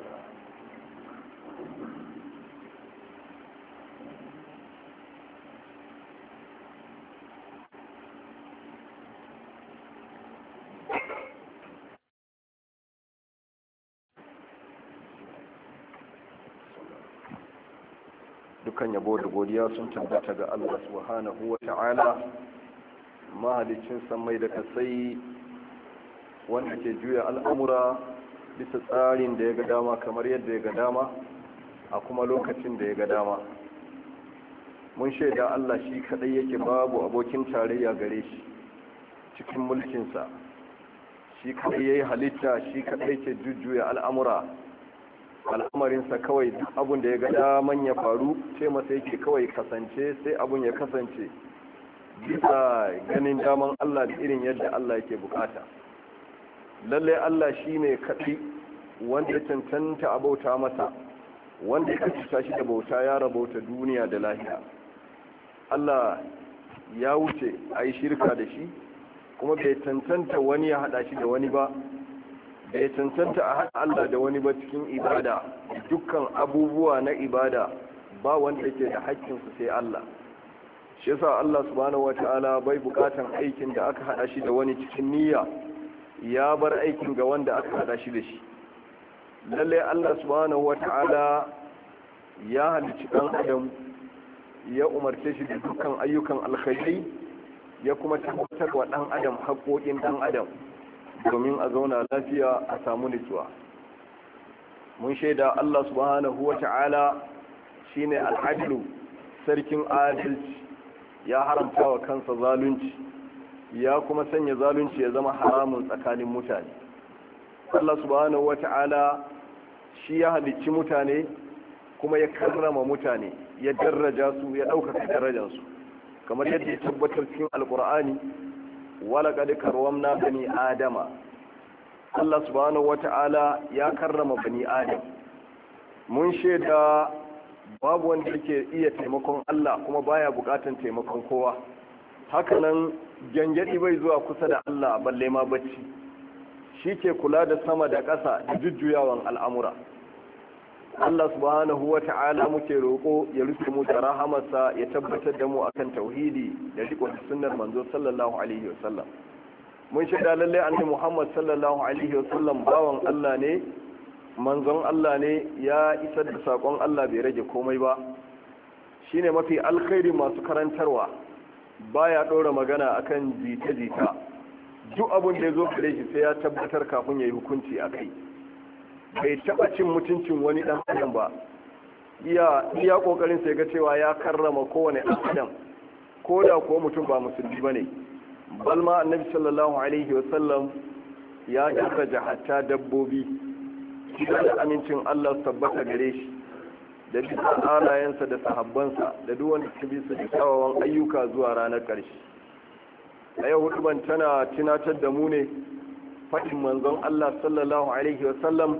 ta'ala dukkan yabo da godiya sun tabbata ga Allah subhanahu wa ta'ala mahalicin samai da kasai wanda ke juya al'amura bisa tsarin da ya ga dama kamar yadda ya ga dama a kuma lokacin da ya ga dama mun shaida Allah shi kadai yake babu abokin tarayya gare shi cikin mulkinsa shi kadai ya yi halitta shi kadai ke jujjuya al'amura al'amarinsa kawai duk abun da ya ga daman ya faru ce masa yake kawai kasance sai abun ya kasance bisa ganin daman Allah da irin yadda Allah yake bukata lalle Allah shi ne kaɗi wanda ya cancanta a bauta masa wanda ya kasuta shi da bauta ya rabauta duniya da lahiya. Allah ya wuce a yi shirka da shi kuma bai cancanta wani ya haɗa shi da wani ba bai cancanta a haɗa Allah da wani ba cikin ibada dukkan abubuwa na ibada ba wanda ke da haƙƙinsu sai Allah shi yasa Allah subhanahu wataala bai bukatan aikin da aka haɗa shi da wani cikin niyya ya bar aikin ga wanda aka hada shi da shi lallai Allah subhanahu wata'ala ya halicci dan adam ya umarce shi da dukkan ayyukan alkhairi ya kuma tabbatar wa dan adam haƙoƙin dan adam domin a zauna lafiya a samu nutsuwa mun shaida Allah subhanahu wata'ala shine al'adlu sarkin adalci ya haramta wa kansa zalunci ya kuma sanya zalunci ya zama haramun tsakanin mutane Allah subhanahu wata'ala shi ya halicci mutane kuma ya karrama mutane ya daraja su ya ɗaukaka darajarsu kamar yadda ya tabbatar cikin alkur'ani qad karwamna bani adama Allah subhanahu wata'ala ya karrama bani adam mun shaida babu wanda yake iya taimakon Allah kuma baya bukatan taimakon kowa hakanan gyangyaɗi bai zuwa kusa da Allah balle ma bacci shi ke kula da sama da ƙasa da jujjuyawan al'amura Allah subhanahu wa ta'ala muke roƙo ya rufe mu da rahamarsa ya tabbatar da mu akan tauhidi da riƙon sunar manzo sallallahu alaihi wasallam mun shaida lalle annabi Muhammad sallallahu alaihi wasallam bawan Allah ne manzon Allah ne ya isar da saƙon Allah bai rage komai ba shine mafi alkhairi masu karantarwa baya ɗora magana akan jita-jita duk abin da ya zo gare shi sai ya tabbatar kafin ya yi hukunci a kai bai taɓa cin mutuncin wani ɗan adam ba iya iya kokarin sai ga cewa ya karrama kowane ɗan adam ko da kuwa mutum ba musulmi ba ne balma annabi sallallahu alaihi wasallam ya daraja hatta dabbobi idan da amincin Allah tabbata gare shi da bisa alayensa da sahabbansa da duk wanda su bi su da kyawawan ayyuka zuwa ranar ƙarshe a yau huduban tana tunatar da mu ne faɗin manzon Allah sallallahu alaihi wasallam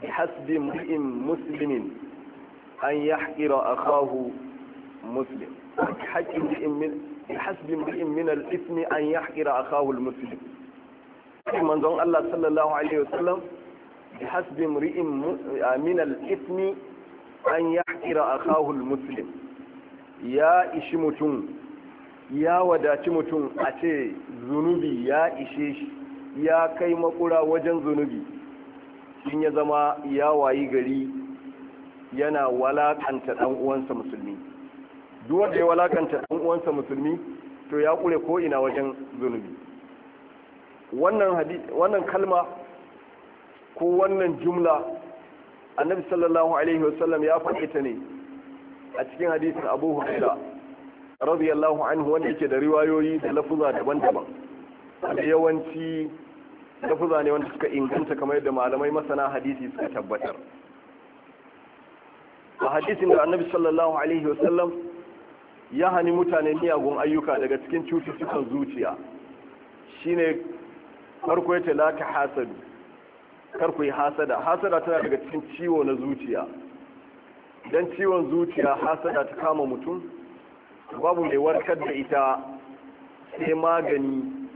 bi hasbi mu'in muslimin an yahqira akahu muslim bi hasbi mu'in min al-ithmi an yahqira akahu al-muslim faɗin manzon Allah sallallahu alaihi sallam. بحسب امرئ من الإثم ان يحقر اخاه المسلم يا إشمتون يا وداتمتون أتي ذنوبي يا إشيش يا كاي مقرا وجن ذنوبي إن ya يا وايغري yana walakanta ɗan uwansa musulmi ya walakanta ɗan uwansa musulmi to ya ƙure ko ina wajen zunubi wannan kalma ko wannan jumla annabi sallallahu alaihi wasallam ya faɗi ta ne a cikin hadisin abu huraira radiyallahu anhu wanda yake da riwayoyi da lafuza daban-daban da yawanci lafuza ne wanda suka inganta kamar yadda malamai masana hadisi suka tabbatar a hadisin da annabi sallallahu alaihi wasallam ya hani mutane miyagun ayyuka daga cikin cututtukan zuciya shine farko ya ta la ta hasadu kar ku yi hasada hasada tana daga cikin ciwo na zuciya don ciwon zuciya hasada ta kama mutum babu mai warkar da ita sai magani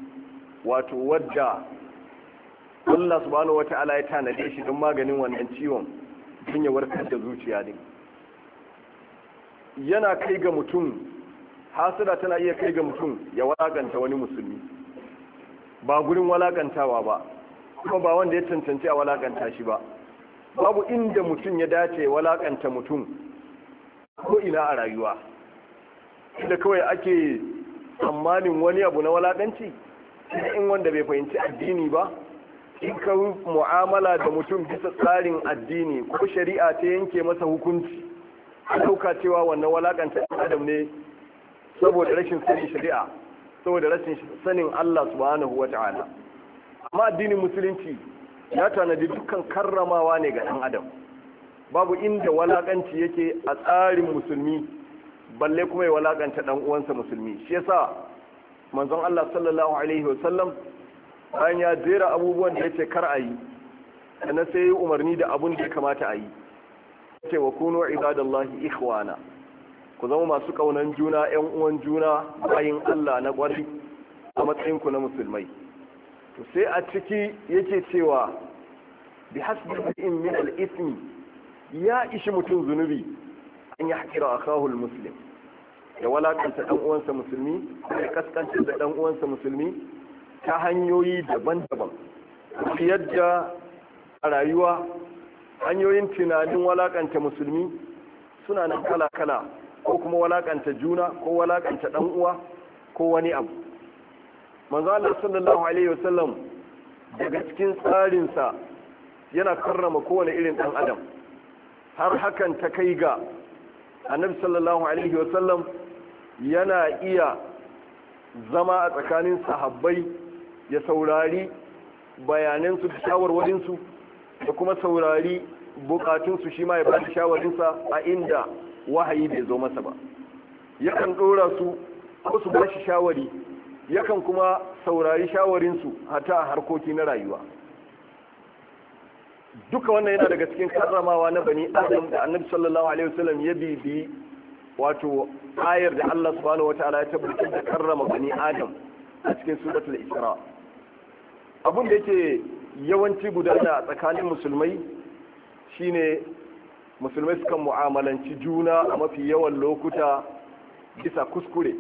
wato wadda Allah subhanahu ala ya tanade shi don maganin wannan ciwon don ya warkar da zuciya din yana kai ga mutum hasada tana iya kai ga mutum ya walakanta wani musulmi ba gurin walakantawa ba kuma ba wanda ya cancanci a walakanta shi ba babu inda mutum ya dace walakanta mutum ko ina a rayuwa inda kawai ake tsammanin wani abu na walakanci in wanda bai fahimci addini ba in ka mu'amala da mutum bisa tsarin addini ko shari'a ta yanke masa hukunci a dauka cewa wannan walakanta adam ne saboda rashin sanin shari'a saboda rashin sanin Allah subhanahu ta'ala amma addinin musulunci ya tanadi dukkan karramawa ne ga ɗan adam babu inda walakanci yake a tsarin musulmi balle kuma ya walaƙanta ɗan uwansa musulmi shi yasa manzon Allah sallallahu alaihi wasallam bayan ya jera abubuwan da ce kar a yi na sai yi umarni da abun da ya kamata a yi ce wa kunu ibadallahi ikhwana ku zama masu kaunan juna yan uwan juna bayin Allah na ƙwari a matsayin ku na musulmai to sai a ciki yake cewa bi hasbi in min al ismi ya ishi mutum zunubi an hakira akahu al-muslim ya walakanta dan uwansa musulmi ya kaskanta da dan uwansa musulmi ta hanyoyi daban-daban yadda a rayuwa hanyoyin tunanin walakanta musulmi suna nan kala-kala ko kuma walakanta juna ko walakanta dan uwa ko wani abu manzalar sallallahu alaihi wasallam daga cikin tsarinsa yana karrama kowane irin ɗan adam har hakan ta kai ga annabi sallallahu alaihi wasallam yana iya zama a tsakanin sahabbai ya saurari bayanansu da shawarwarinsu da kuma saurari bukatunsu shi ma ya bada shawarinsa a inda wahayi bai zo masa ba yakan ɗora su ko su bashi shawari yakan kuma saurari shawarinsu hata a harkoki na rayuwa duka wannan yana daga cikin karramawa na bani adam da annabi sallallahu alaihi wasallam ya bibi wato ayar da Allah subhanahu wataala ya tabbatar da karrama bani adam a cikin suratul isra abin da yake yawanci gudana a tsakanin musulmai shine musulmai sukan mu'amalanci juna a mafi yawan lokuta bisa kuskure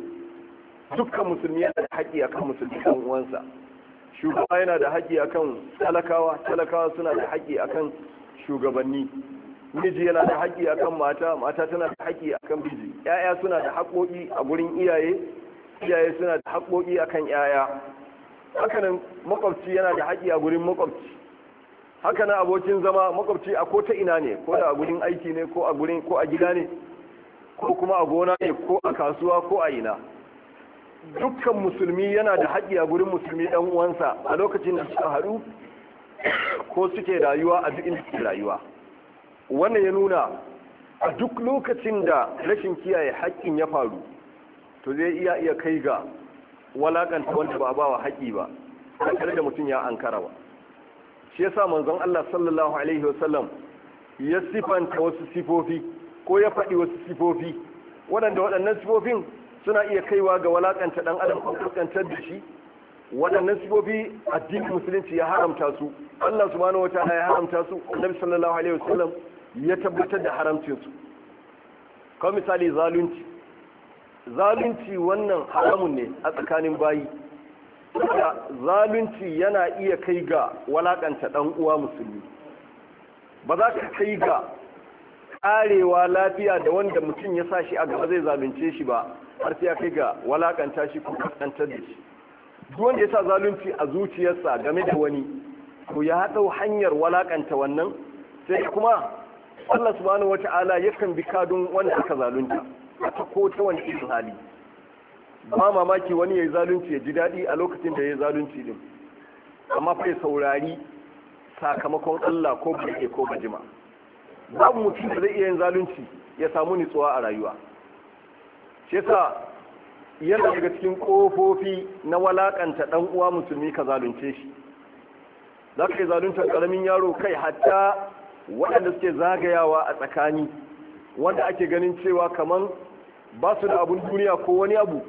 dukkan musulmi yana da haƙƙi akan musulmi kan uwansa shugaba yana da haƙƙi akan talakawa talakawa suna da haƙƙi akan shugabanni miji yana da haƙƙi akan mata mata tana da haƙƙi akan miji yaya suna da haƙƙoƙi a gurin iyaye iyaye suna da haƙƙoƙi akan yaya hakanan makwabci yana da haƙƙi a gurin makwabci hakanan abokin zama makwabci a ko ta ina ne ko da a gurin aiki ne ko a gurin ko a gida ne ko kuma a gona ne ko a kasuwa ko a ina dukkan musulmi yana da haƙƙi a gurin musulmi ɗan uwansa a lokacin da suka haɗu ko suke rayuwa a duk inda suke rayuwa wannan ya nuna a duk lokacin da rashin kiyaye haƙƙin ya faru to zai iya iya kai ga walakanta wanda ba a bawa haƙƙi ba tare da mutum ya ankara ba shi yasa manzon Allah sallallahu alaihi wasallam ya sifanta wasu sifofi ko ya faɗi wasu sifofi waɗanda waɗannan sifofin suna iya kaiwa ga walakanta dan adam ko kaskantar da shi waɗannan sifofi addinin musulunci ya haramta su Allah subhanahu wataala ya haramta su Annabi sallallahu alaihi wasallam ya tabbatar da haramcin su kamar misali zalunci zalunci wannan haramun ne a tsakanin bayi zalunci yana iya kai ga walakanta dan uwa musulmi ba za ka kai ga karewa lafiya da wanda mutum ya sa shi a gaba zai zalunce shi ba har sai ya kai ga walakanta shi ko kaskantar da shi duk wanda ya sa zalunci a zuciyarsa game da wani ko ya haɗau hanyar walakanta wannan sai kuma Allah subhanahu wata'ala yakan bi kadun wanda aka zalunta ta ko ta wani irin hali ba mamaki wani ya yi zalunci ya ji daɗi a lokacin da ya yi zalunci din amma fa saurari sakamakon Allah ko bai ko bajima babu mutum da zai iya yin zalunci ya samu nutsuwa a rayuwa shi sa yana daga cikin ƙofofi na walaƙanta ɗan uwa musulmi ka zalunce shi za ka yi zaluntar ƙaramin yaro kai hatta waɗanda suke zagayawa a tsakani wanda ake ganin cewa kamar ba su da abun duniya ko wani abu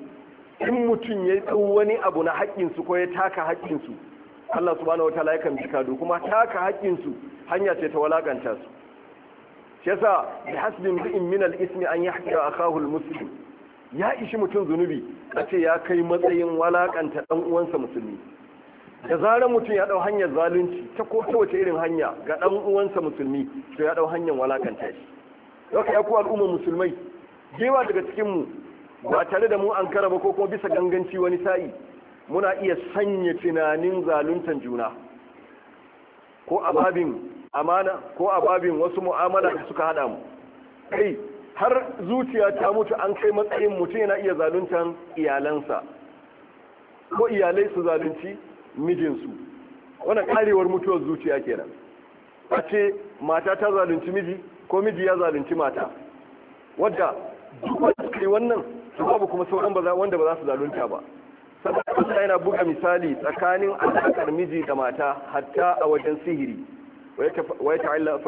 in mutum ya ɗau wani abu na haƙƙinsu ko ya taka haƙƙinsu Allah subhanahu wataala yakan bi kado kuma taka haƙƙinsu hanya ce ta walaƙanta su shi yasa bi hasbin bi'in min al-ismi an yahqa akahu al-muslim ya ishi mutum zunubi a ce ya kai matsayin walakanta ɗan uwansa musulmi da zarar mutum ya ɗau hanyar zalunci ta ko ta wace irin hanya ga ɗan uwansa musulmi to ya ɗau hanyar walakanta shi haka ya ku al'ummar musulmai jewa daga cikin mu ba tare da mu an kara ba ko kuma bisa ganganci wani sa'i muna iya sanya tunanin zaluntan juna ko a babin amana ko a babin wasu mu'amala da suka haɗa mu kai har zuciya ta mutu an kai matsayin mutum yana iya zaluntan iyalansa ko iyalai su zalunci mijinsu wannan karewar mutuwar zuciya kenan a ce mata ta zalunci miji ko miji ya zalunci mata wadda duk wanda suka yi wannan su babu kuma sauran wanda ba za su zalunta ba saboda yana buga misali tsakanin alaƙar miji da mata hatta a wajen sihiri wa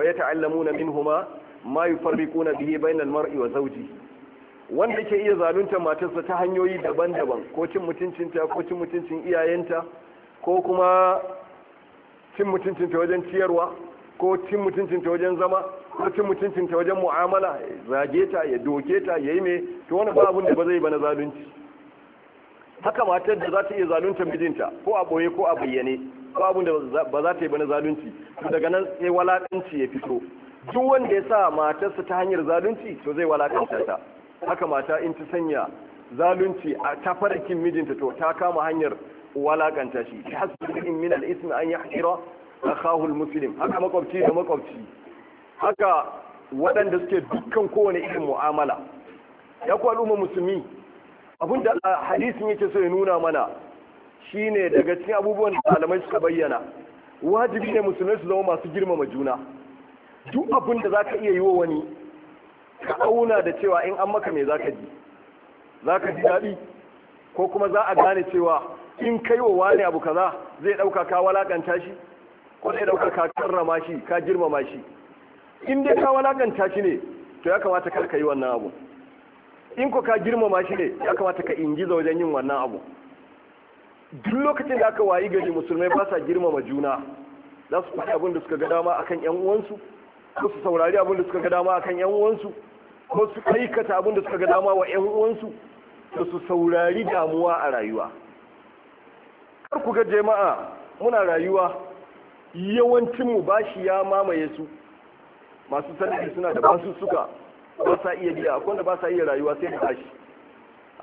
ya min huma. ma kuna biye bainal mar'i wa zauji wanda ke iya zalunta matarsa ta hanyoyi daban-daban ko cin mutuncinta ko cin mutuncin iyayenta ko kuma cin mutuncinta wajen ciyarwa ko cin mutuncinta wajen zama ko cin mutuncinta wajen mu'amala zage ta ya doke ta ya yi mai to wani ba abin da ba zai ba na zalunci haka matar da za ta iya zalunta mijinta ko a ɓoye ko a bayyane ko abin da ba za ta yi ba na zalunci daga nan sai walaɗanci ya fito duk wanda ya sa matarsa ta hanyar zalunci to zai walakanta ta haka mata in ta sanya zalunci a tafarkin mijinta to ta kama hanyar walakanta shi ta hasbi min al-ismi an yahira akahu muslim haka makwabci da makwabci haka waɗanda suke dukkan kowane irin mu'amala ya ku al'umma musulmi abinda hadisin yake so ya nuna mana shine daga cikin abubuwan da malamai suka bayyana wajibi ne musulmai su zama masu girmama juna duk abin da za ka iya yi wa wani ka auna da cewa in an maka mai za ka ji za ka ji daɗi ko kuma za a gane cewa in kai wa wani abu kaza zai ɗauka ka walakanta shi ko zai ɗauka ka karrama shi ka girmama shi in dai ka walakanta shi ne to ya kamata kar ka yi wannan abu in ko ka girmama shi ne ya kamata ka ingiza wajen yin wannan abu duk lokacin da aka wayi gari musulmai ba sa girmama juna za su faɗi abin da suka ga dama akan 'yan uwansu ko su saurari abin da suka ga dama akan yan uwansu ko su aikata abin da suka ga dama wa yan uwansu da su saurari damuwa a rayuwa kar ku ga jama'a muna rayuwa yawancinmu bashi ya mamaye su masu sanadi suna da basu suka ba sa iya biya akwai wanda ba sa iya rayuwa sai da bashi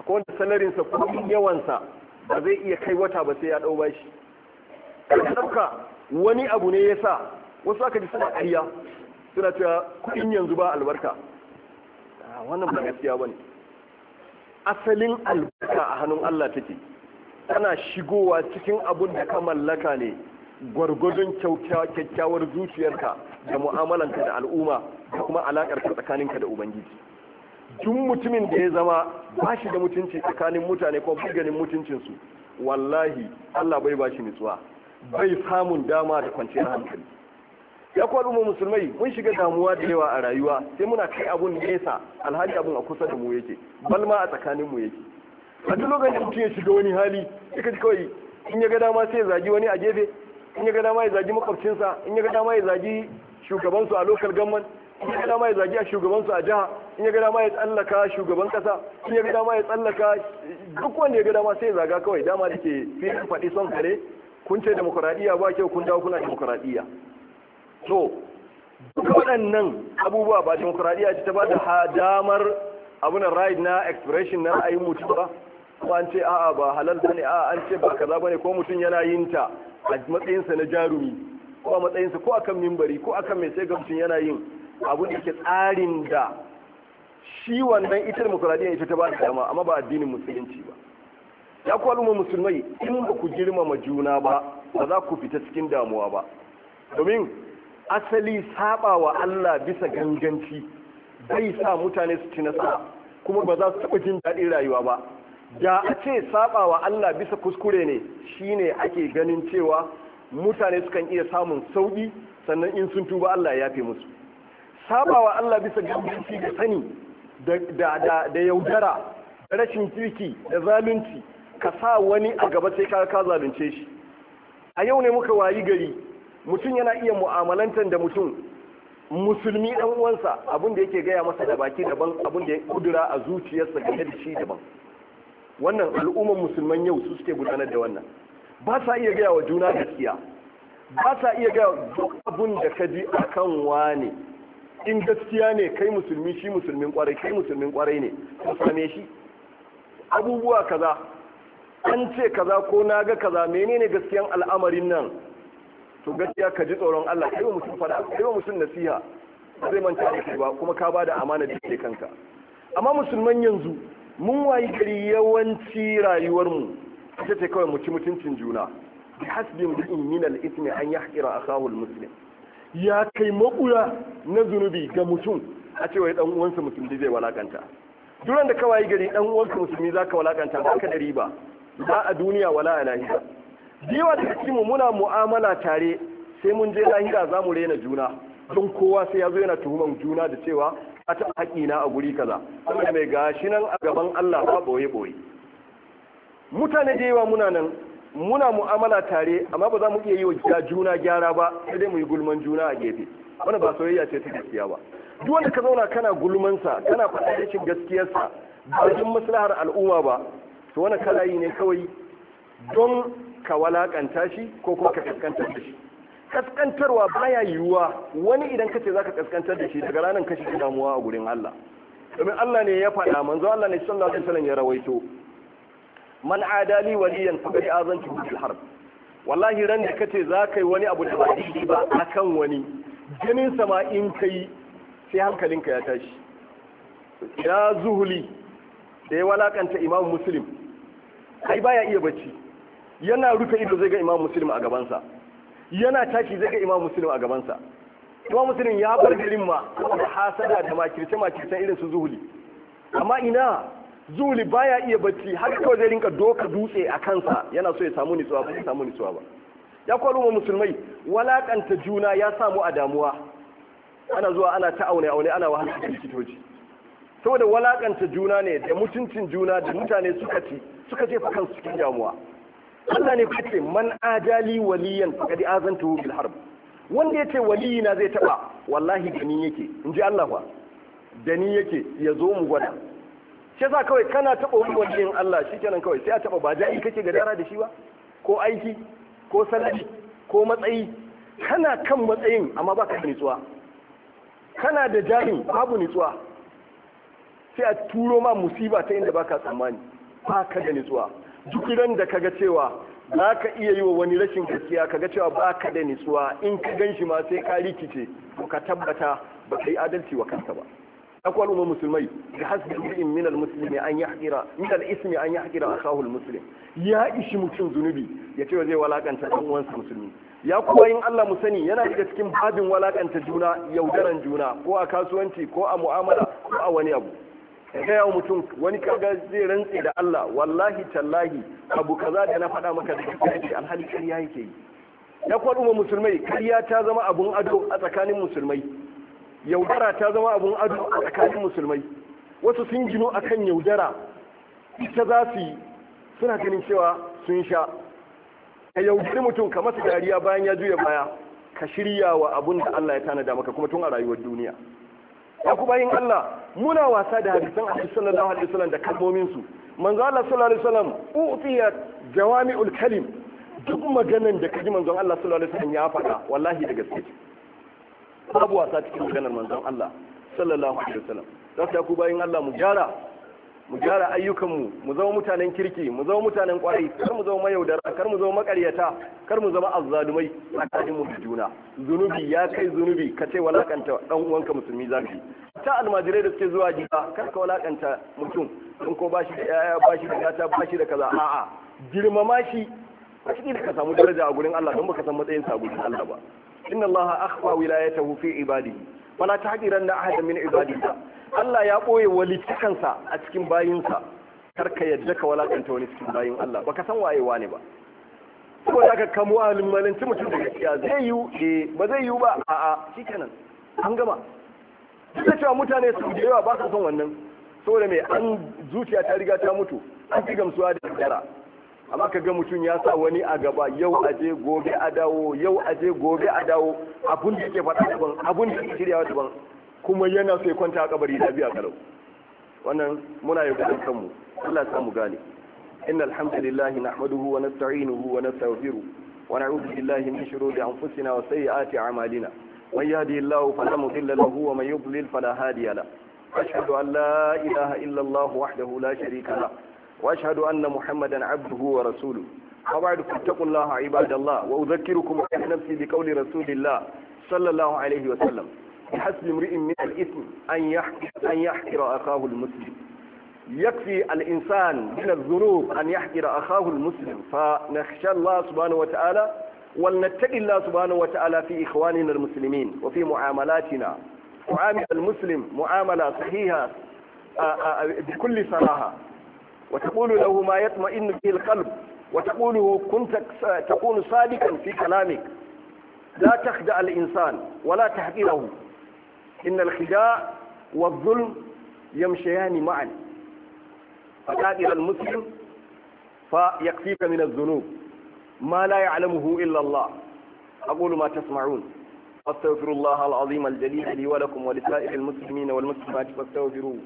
akwai wanda salarinsa kuɗin yawansa ba zai iya kai wata ba sai ya ɗau bashi ɗauka wani abu ne ya sa wasu aka ji suna ƙarya suna cewa kuɗin yanzu ba albarka ah, wannan ba gaskiya ba ne asalin albarka a hannun Allah take tana shigowa cikin abun da ka mallaka ne gwargwadon kyakkyawar zuciyarka da mu'amalanka da al'umma da kuma alaƙarka tsakaninka da ubangiji duk mutumin da ya zama ba shi da mutunci tsakanin mutane ko buganin mutuncinsu wallahi Allah bai ba shi nutsuwa bai samun dama da kwanciyar hankali ya ku al'umma musulmai mun shiga damuwa da yawa a rayuwa sai muna kai abun nesa alhali abun a kusa da mu yake balma a tsakanin mu yake a duk lokacin mutum ya shiga wani hali sai kawai in ya ga dama sai ya zagi wani a gefe in ya ga dama ya zagi makwabcinsa in ya ga dama ya zagi shugabansu a lokal gamman in ya ga dama ya zagi a shugabansu a jiha in ya ga dama ya tsallaka shugaban kasa in ya ga dama ya tsallaka duk wanda ya ga dama sai ya zaga kawai dama da ke filin faɗi son kare kun ce demokuraɗiyya ba kyau kun dawo kuna demokuraɗiyya to waɗannan abubuwa ba demokuraɗiyya ce ta ba da damar abunan right na expression na ra'ayin mutum ba ko an ce a'a ba halal ne a'a an ce ba kaza bane ko mutum yana yin ta a matsayinsa na jarumi ko a matsayinsa ko akan mimbari ko akan mai sai mutum yana yin abun da ke tsarin da shi wannan ita demokuraɗiyya ita ta ba da dama amma ba addinin musulunci ba ya ku al'umma musulmai in ba ku girmama juna ba ba za ku fita cikin damuwa ba domin asali saba wa Allah bisa ganganci bai sa mutane su ci nasa kuma ba za su taɓa jin daɗin rayuwa ba da a ce saba wa Allah bisa kuskure ne shine ake ganin cewa mutane sukan iya samun sauƙi sannan in sun tuba Allah ya fi musu saba wa Allah bisa ganganci da sani da yaudara da rashin kirki da zalunci ka sa wani a gaba sai ka zalunce shi a yau ne muka wayi gari mutum yana iya mu'amalantar da mutum musulmi dan uwansa abin da yake gaya masa da baki daban abin da ya kudura a zuciyarsa game da shi daban wannan al'ummar musulman yau su suke gudanar da wannan ba sa iya gaya wa juna gaskiya ba sa iya gaya duk abin da ka ji a kan wane in gaskiya ne kai musulmi shi musulmin kwarai kai musulmin kwarai ne ka same shi abubuwa kaza an ce kaza ko na ga kaza menene gaskiyan al'amarin nan to gaskiya ka ji tsoron Allah kai mutum fada kai mutum nasiha zai manta da ba kuma ka bada amana da ke kanka amma musulman yanzu mun wayi gari yawanci rayuwar mu ita ce kawai mu ci mutuncin juna bi hasbi mu'min min al-ithmi an yahqira akahu al-muslim ya kai makuya na zunubi ga mutum a cewa dan uwansa musulmi zai walakanta duran da ka wayi gari dan uwanka musulmi zaka walakanta ba ka da ba. ba a duniya wala a lahira diwa da kaki mu muna mu'amala tare sai mun je lahira za mu rena juna don kowa sai ya zo yana tuhuman juna da cewa a ta haƙina a guri kaza saboda mai gashi nan a gaban Allah ba boye boye mutane da yawa muna nan muna mu'amala tare amma ba za mu iya yi wa juna gyara ba sai dai mu yi gulman juna a gefe wani ba soyayya ce ta gaskiya ba duk wanda ka zauna kana gulmansa kana faɗa gaskiyar gaskiyarsa ba jin maslahar al'umma ba to wani kalayi ne kawai don ka walakanta shi ko kuma ka kaskantar da shi kaskantarwa baya yiwuwa wani idan kace zaka kaskantar da shi daga ranar kashi shi damuwa a gurin Allah domin Allah ne ya faɗa manzo Allah ne sallallahu alaihi wasallam ya rawaito man adali waliyan faqad azantu bil harb wallahi ran da kace zaka yi wani abu da ba daidai ba akan wani Ganin sama in kai sai hankalinka ya tashi ya zuhuli da ya walakanta imam muslim ai baya iya bacci yana rufe ido zai ga imam muslim a gabansa yana tashi zai ga imam muslim a gabansa imam muslim ya bar garin ma da hasada da makirce makircen irin su zuhuli amma ina zuhuli baya iya bacci har kawai zai rinka doka dutse a kansa yana so ya samu nutsuwa ba ya samu nutsuwa ba ya kwaro musulmai walakanta juna ya samu a damuwa ana zuwa ana ta aune aune ana wahalar kitoji saboda walakanta juna ne da mutuncin juna da mutane suka ci suka jefa kansu cikin damuwa Allah ne ba ce man ajali waliyan faqad azantu bil harb wanda yace waliyina zai taba wallahi dani yake in ji Allah ba dani yake ya zo mu gwada shi yasa kawai kana taba wani waliyin Allah shikenan kawai sai a taba ba ja'i kake ga dara da shi ba ko aiki ko salati ko matsayi kana kan matsayin amma ba da nitsuwa kana da jarin babu nitsuwa sai a turo ma musiba ta inda baka tsammani baka da nitsuwa duk ran da kaga cewa za ka iya yi wa wani rashin gaskiya kaga cewa ba ka da nitsuwa in ka gan shi ma sai ka rikice to ka tabbata ba ka yi adalci wa kanka ba akwai al'umma musulmai da hasbi mu'min min al-muslimi an yahqira min al-ismi an yahqira akahu al-muslim ya ishi mutum zunubi ya ce zai walakanta dan uwansa musulmi ya kuma yin Allah mu sani yana daga cikin babin walakanta juna yaudaran juna ko a kasuwanci ko a mu'amala ko a wani abu ka gaya wa mutum wani kaga zai rantse da Allah wallahi tallahi abu kaza da na faɗa maka da kake alhali kariya yake yi na kwaɗu musulmai kariya ta zama abun ado a tsakanin musulmai yaudara ta zama abun ado a tsakanin musulmai wasu sun gino a kan yaudara ita za su yi suna ganin cewa sun sha ka yaudari mutum ka masa dariya bayan ya juya baya ka shirya wa abun da Allah ya tanada maka kuma tun a rayuwar duniya ya ku bayin Allah muna wasa da hadisan Allah sallallahu alaihi wasallam da kalmomin su manzo Allah sallallahu alaihi wasallam utiya jawami'ul kalim duk maganan da kaji manzo Allah sallallahu alaihi wasallam ya faɗa wallahi da gaske babu wasa cikin maganar manzon Allah sallallahu alaihi wasallam ya ku bayin Allah mu gyara mu gyara ayyukanmu mu zama mutanen kirki mu zama mutanen kwarai kar mu zama mayaudara kar mu zama makaryata kar mu zama azzalumai tsakanin mu da juna zunubi ya kai zunubi ka ce walakanta dan uwanka musulmi zaki ta almajirai da suke zuwa jiya kar ka walakanta mutum in ko bashi da yaya bashi da gata bashi da kaza a'a girmama shi kashi da ka samu daraja a gurin Allah don baka san matsayin sa a gurin Allah ba inna Allah akhfa wilayatahu fi ibadihi wala tahqiranna ahadan min ibadihi Allah ya ɓoye wali cikansa a cikin bayinsa kar ka yadda ka walakanta wani cikin bayin Allah baka san waye wane ba ko da ka kamo ahalin malinci mutum da gaskiya zai yi eh ba zai yi ba a'a shikenan an gama duk da cewa mutane su da yawa ba su son wannan saboda mai an zuciya ta riga ta mutu an fi gamsuwa da dara amma ka ga mutum ya sa wani a gaba yau a je gobe a dawo yau a je gobe a dawo abun da yake faɗa daban abun da yake shiryawa daban kuma yana sai kwanta a kabari da biya kalau wannan muna yi kudin kanmu Allah ya samu gane inna alhamdulillahi nahmaduhu wa nasta'inuhu wa nastaghfiruh wa na'udhu wa sayyiati a'malina man yahdihillahu fala mudilla lahu wa man yudlil fala hadiya lahu ashhadu an la ilaha illa Allah wahdahu la sharika wa ashhadu anna muhammadan 'abduhu wa rasuluh fa ba'du fattaqullaha 'ibadallah wa udhakkirukum bi nafsi bi qawli rasulillah sallallahu alayhi wa sallam بحسب امرئ من الإثم أن يحكر, أن يحكر أخاه المسلم يكفي الإنسان من الذنوب أن يحكر أخاه المسلم فنخشى الله سبحانه وتعالى ولنتقي الله سبحانه وتعالى في إخواننا المسلمين وفي معاملاتنا معامل المسلم معاملة صحيحة آه، آه، بكل صراحه وتقول له ما يطمئن به القلب وتقوله كنت تكون صادقا في كلامك لا تخدع الإنسان ولا تحقره إن الخداع والظلم يمشيان معا إلى المسلم فيكفيك من الذنوب ما لا يعلمه إلا الله أقول ما تسمعون أستغفر الله العظيم الجليل لي ولكم ولسائر المسلمين والمسلمات فاستغفروه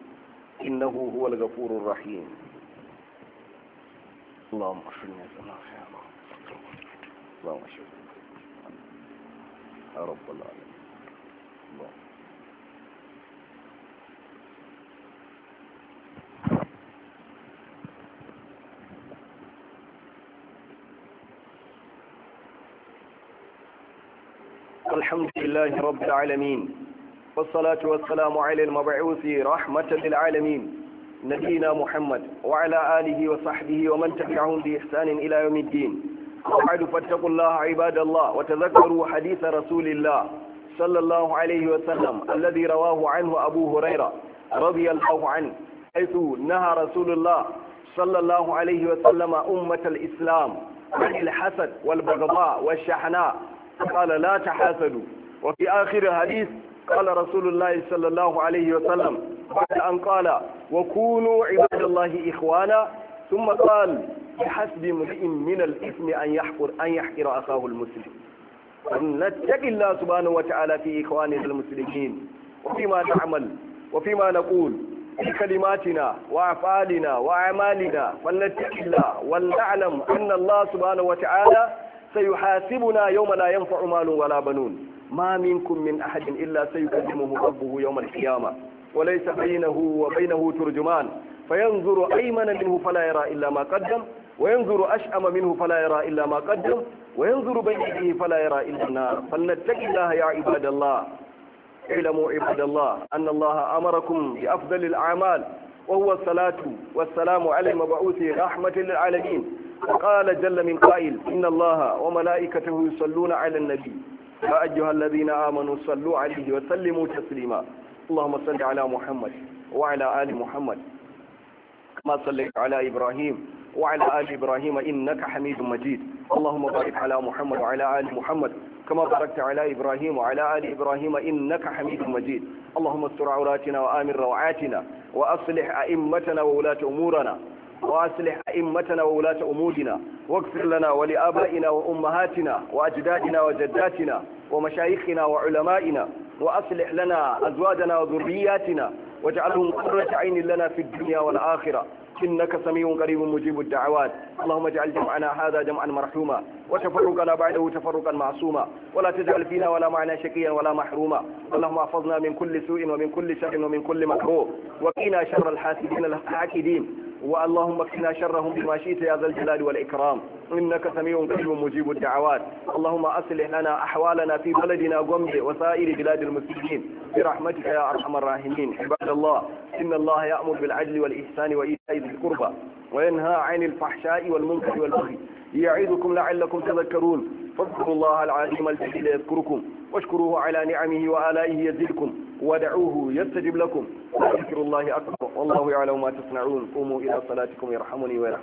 إنه هو الغفور الرحيم اللهم اغفر لنا اللهم لنا يا رب العالمين اللهم الحمد لله رب العالمين والصلاة والسلام على المبعوث رحمة للعالمين نبينا محمد وعلى آله وصحبه ومن تبعهم بإحسان إلى يوم الدين وبعد فاتقوا الله عباد الله وتذكروا حديث رسول الله صلى الله عليه وسلم الذي رواه عنه أبو هريرة رضي الله عنه حيث نهى رسول الله صلى الله عليه وسلم أمة الإسلام عن الحسد والبغضاء والشحناء قال لا تحاسدوا وفي آخر حديث قال رسول الله صلى الله عليه وسلم بعد أن قال وكونوا عباد الله إخوانا ثم قال بحسب امرئ من الإثم أن يحقر أن يحقر أخاه المسلم فلنتق الله سبحانه وتعالى في إخواننا المسلمين وفيما نعمل وفيما نقول في كلماتنا وأفعالنا وأعمالنا فلنتق الله ولنعلم أن الله سبحانه وتعالى سيحاسبنا يوم لا ينفع مال ولا بنون ما منكم من أحد إلا سيكلمه ربه يوم القيامة وليس بينه وبينه ترجمان فينظر أيمن منه فلا يرى إلا ما قدم وينظر أشأم منه فلا يرى إلا ما قدم وينظر بيده فلا يرى إلا النار فلنتق الله يا عباد الله اعلموا عباد الله أن الله أمركم بأفضل الأعمال وهو الصلاة والسلام على المبعوث رحمة للعالمين وقال جل من قائل إن الله وملائكته يصلون على النبي يا أيها الذين آمنوا صلوا عليه وسلموا تسليما اللهم صل على محمد وعلى آل محمد كما صليت على إبراهيم وعلى آل إبراهيم إنك حميد مجيد اللهم بارك على محمد وعلى آل محمد كما باركت على إبراهيم وعلى آل إبراهيم إنك حميد مجيد اللهم استر عوراتنا وآمن روعاتنا وأصلح أئمتنا وولاة أمورنا وأصلح أئمتنا وولاة أمورنا واغفر لنا ولآبائنا وأمهاتنا وأجدادنا وجداتنا ومشايخنا وعلمائنا وأصلح لنا أزواجنا وذرياتنا واجعلهم قرة عين لنا في الدنيا والآخرة إنك سميع قريب مجيب الدعوات اللهم اجعل جمعنا هذا جمعا مرحوما وتفرقنا بعده تفرقا معصوما ولا تجعل فينا ولا معنا شقيا ولا محروما اللهم احفظنا من كل سوء ومن كل شر ومن كل مكروه وقنا شر الحاسدين الحاكدين واللهم اكفنا شرهم بما شئت يا ذا الجلال والإكرام إنك سميع قريب مجيب الدعوات اللهم أصلح لنا أحوالنا في بلدنا قمبي وسائر بلاد المسلمين برحمتك يا أرحم الراحمين عباد الله إن الله يأمر بالعدل والإحسان وإيتاء ذي القربى وينهى عن الفحشاء والمنكر والبغي يعظكم لعلكم تذكرون فاذكروا الله العظيم الجليل يذكركم واشكروه على نعمه وآلائه يزدكم ودعوه يستجب لكم وذكر الله أكبر والله يعلم ما تصنعون قوموا إلى صلاتكم يرحمني ويرحمني